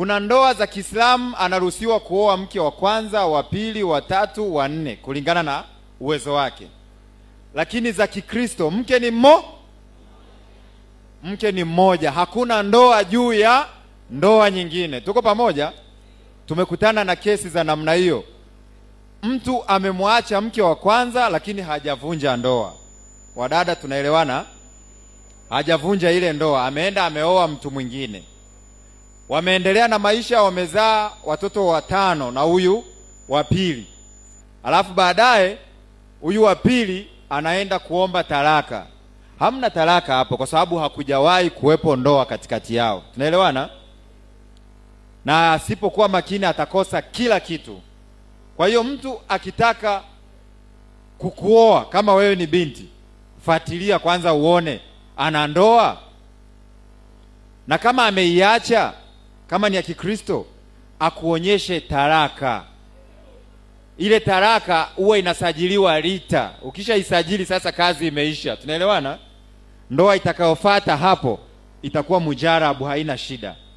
Kuna ndoa za Kiislamu anaruhusiwa kuoa mke wa kwanza, wa pili, wa tatu, wa nne kulingana na uwezo wake, lakini za Kikristo mke ni mmo mke ni mmoja, hakuna ndoa juu ya ndoa nyingine. Tuko pamoja? Tumekutana na kesi za namna hiyo, mtu amemwacha mke wa kwanza, lakini hajavunja ndoa. Wadada, tunaelewana? Hajavunja ile ndoa, ameenda ameoa mtu mwingine wameendelea na maisha, wamezaa watoto watano na huyu wa pili. Alafu baadaye huyu wa pili anaenda kuomba talaka. Hamna talaka hapo, kwa sababu hakujawahi kuwepo ndoa katikati yao. Tunaelewana? Na asipokuwa makini atakosa kila kitu. Kwa hiyo mtu akitaka kukuoa, kama wewe ni binti, fuatilia kwanza uone ana ndoa, na kama ameiacha kama ni ya Kikristo akuonyeshe taraka. Ile taraka huwa inasajiliwa RITA. Ukishaisajili sasa, kazi imeisha. Tunaelewana? Ndoa itakayofuata hapo itakuwa mujarabu, haina shida.